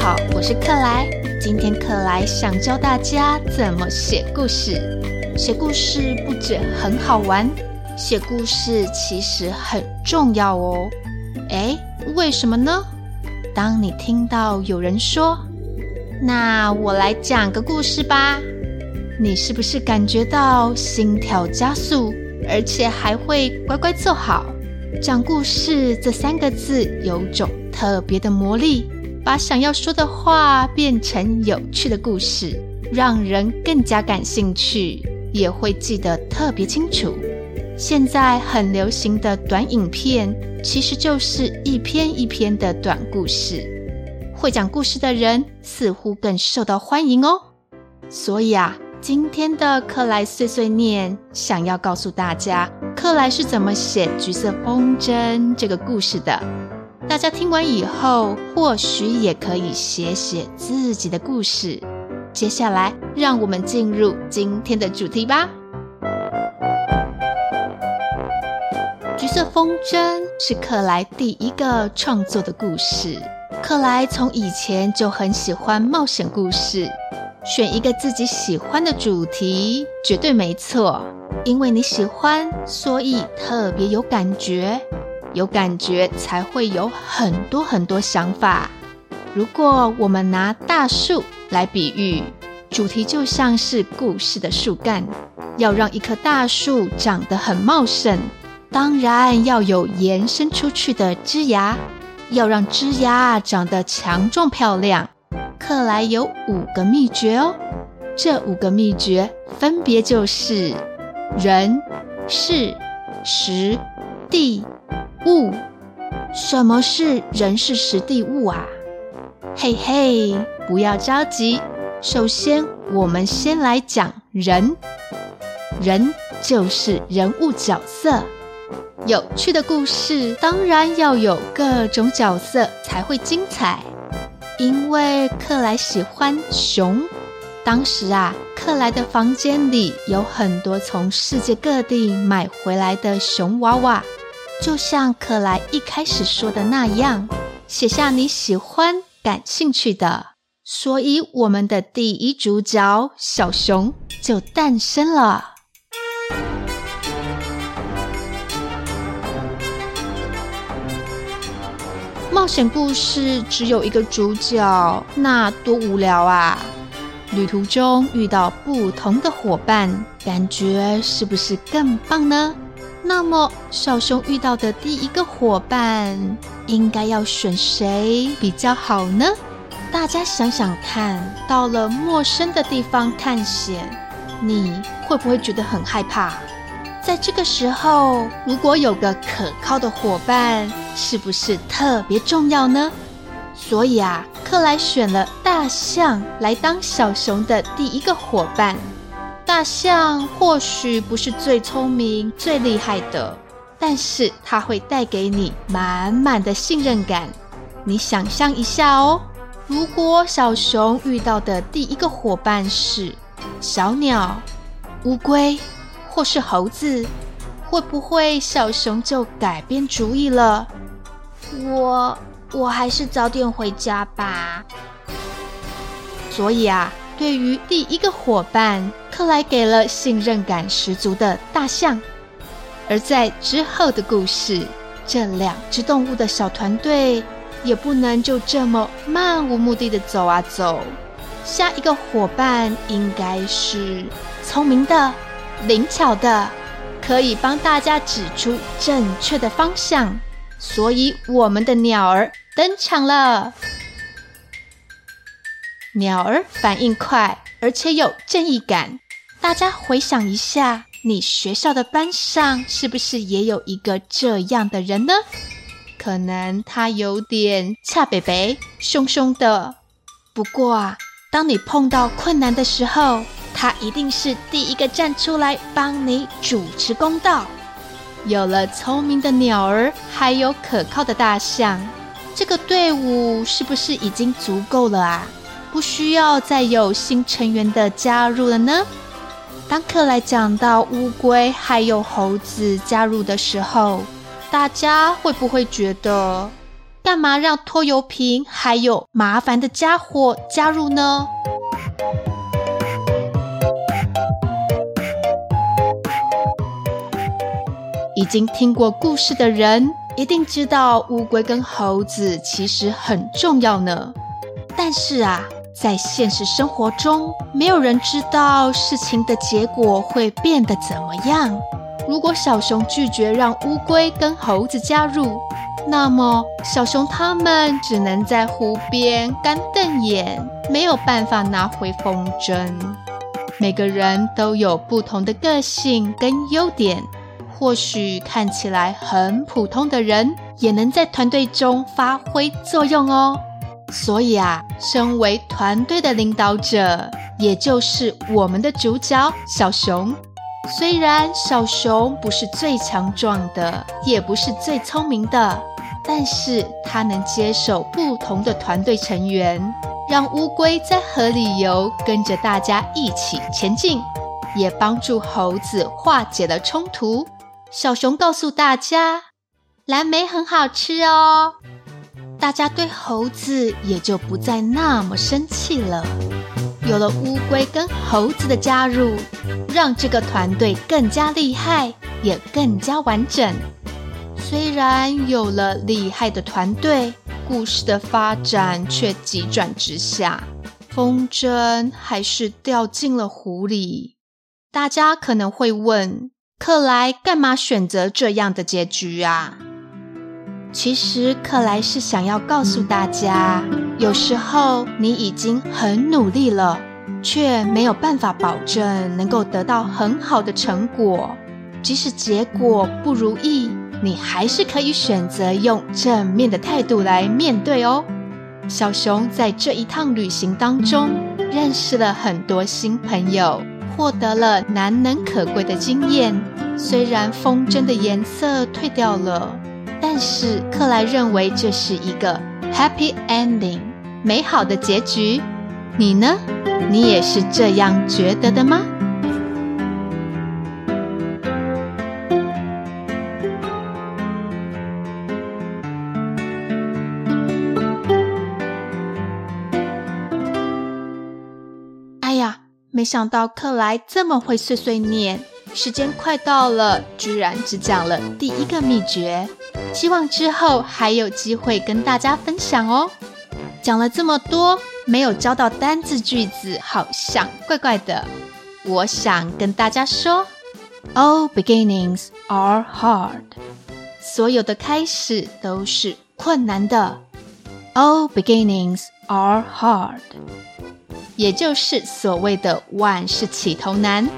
好，我是克萊。今天克萊想教大家怎麼寫故事。寫故事不只很好玩，寫故事其實很重要哦。哎，為什麼呢？當你聽到有人說“那我來講個故事吧”，你是不是感覺到心跳加速，而且還會乖乖坐好？講故事這三個字有種特別的魔力。把想要說的話變成有趣的故事，讓人更加感興趣，也會記得特別清楚。現在很流行的短影片，其實就是一篇一篇的短故事。會講故事的人似乎更受到歡迎哦。所以啊，今天的克萊碎碎念，想要告訴大家，克萊是怎麼寫《橘色風箏》這個故事的。大家聽完以後，或許也可以寫寫自己的故事。接下來，讓我們進入今天的主題吧。橘色風箏是克萊第一個創作的故事。克萊從以前就很喜歡冒險故事，選一個自己喜歡的主題，絕對沒錯，因為你喜歡，所以特別有感覺。有感覺才會有很多很多想法。如果我們拿大樹來比喻，主題就像是故事的樹幹。要讓一棵大樹長得很茂盛，當然要有延伸出去的枝芽。要讓枝芽長得強壯漂亮，克萊有五個祕訣哦。這五個祕訣分別就是人、事、時、地。物，什麼是人事時地物啊？嘿嘿，不要着急。首先，我們先來講人。人就是人物角色。有趣的故事當然要有各種角色才會精彩。因為克萊喜歡熊，當時啊，克萊的房間裡有很多從世界各地買回來的熊娃娃。就像克萊一開始說的那樣，寫下你喜歡、感興趣的，所以我們的第一主角小熊就誕生了。冒險故事只有一個主角，那多無聊啊！旅途中遇到不同的夥伴，感覺是不是更棒呢？那麼，小熊遇到的第一個夥伴應該要選誰比較好呢？大家想想看，到了陌生的地方探險，你會不會覺得很害怕？在這個時候，如果有個可靠的夥伴，是不是特別重要呢？所以啊，克萊選了大象來當小熊的第一個夥伴。大象或許不是最聰明、最厲害的，但是它會帶給你滿滿的信任感。你想象一下哦，如果小熊遇到的第一個夥伴是小鳥、烏龜或是猴子，會不會小熊就改變主意了？我，我還是早點回家吧。所以啊。對於第一個夥伴，克萊給了信任感十足的大象；而在之後的故事，這兩隻動物的小團隊也不能就這麼漫無目的的走啊走。下一個夥伴應該是聰明的、靈巧的，可以幫大家指出正確的方向。所以，我們的鳥兒登場了。鳥兒反應快，而且有正義感。大家回想一下，你學校的班上是不是也有一個這樣的人呢？可能他有點恰北北，凶凶的。不過啊，當你碰到困難的時候，他一定是第一個站出來幫你主持公道。有了聰明的鳥兒，還有可靠的大象，這個隊伍是不是已經足夠了啊？不需要再有新成員的加入了呢？當克萊講到烏龜還有猴子加入的時候，大家會不會覺得，幹嘛讓拖油瓶還有麻煩的家伙加入呢？已經聽過故事的人一定知道烏龜跟猴子其實很重要呢，但是啊。在現實生活中，沒有人知道事情的結果會變得怎麼樣。如果小熊拒絕讓烏龜跟猴子加入，那麼小熊他們只能在湖邊乾瞪眼，沒有辦法拿回風箏。每個人都有不同的個性跟優點，或許看起來很普通的人，也能在團隊中發揮作用哦。所以啊，身為團隊的領導者，也就是我們的主角小熊，雖然小熊不是最強壯的，也不是最聰明的，但是他能接受不同的團隊成員，讓烏龜在河裡游，跟着大家一起前進，也幫助猴子化解了衝突。小熊告訴大家，藍莓很好吃哦。大家對猴子也就不再那麼生氣了。有了烏龜跟猴子的加入，讓這個團隊更加厲害，也更加完整。雖然有了厲害的團隊，故事的發展卻急轉直下，風箏還是掉進了湖裡。大家可能會問：克萊幹嘛選擇這樣的結局啊？其實，克萊是想要告訴大家，有時候你已經很努力了，卻沒有辦法保證能夠得到很好的成果。即使結果不如意，你還是可以選擇用正面的態度來面對哦。小熊在這一趟旅行當中，認識了很多新朋友，獲得了難能可貴的經驗。雖然風箏的顏色褪掉了。但是克萊認為這是一個 happy ending，美好的結局。你呢？你也是這樣覺得的嗎？哎呀，沒想到克萊這麼會碎碎念。時間快到了，居然只講了第一個秘訣，希望之後還有機會跟大家分享哦。講了這麼多，沒有教到單字、句子，好像怪怪的。我想跟大家說，All beginnings are hard，所有的開始都是困難的。All beginnings are hard，也就是所謂的萬事起頭難。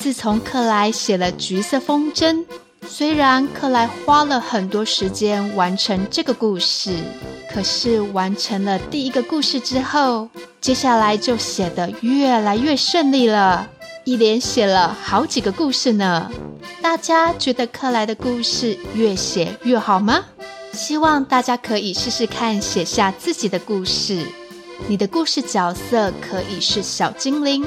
自從克萊寫了《橘色風箏》，雖然克萊花了很多時間完成這個故事，可是完成了第一個故事之後，接下來就寫得越來越順利了，一連寫了好幾個故事呢。大家覺得克萊的故事越寫越好嗎？希望大家可以試試看寫下自己的故事，你的故事角色可以是小精靈。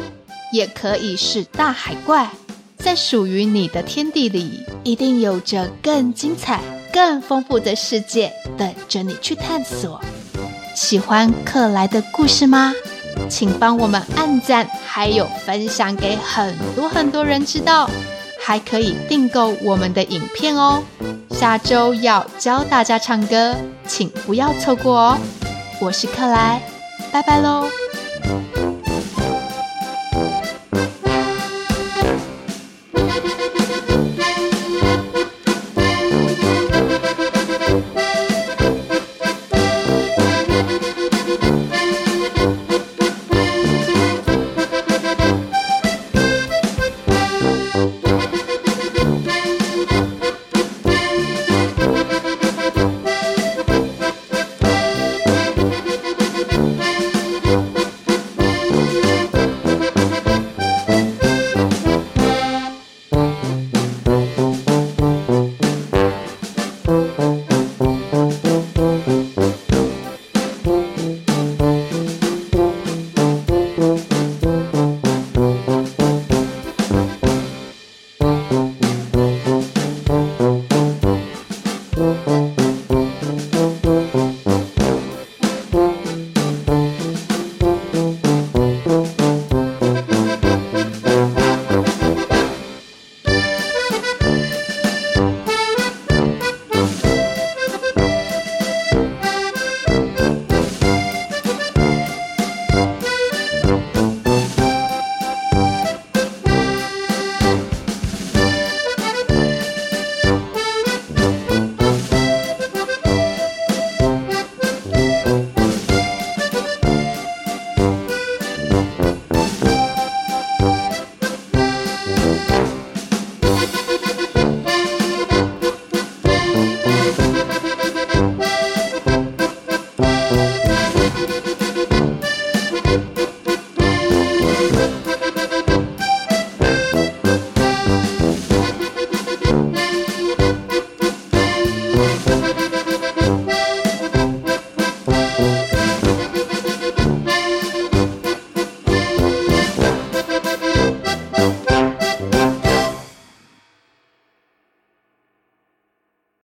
也可以是大海怪，在屬於你的天地裡，一定有着更精彩、更豐富的世界等着你去探索。喜歡克萊的故事嗎？請幫我們按讚，還有分享給很多很多人知道，還可以訂購我們的影片哦。下周要教大家唱歌，請不要錯過哦。我是克萊，拜拜嘍。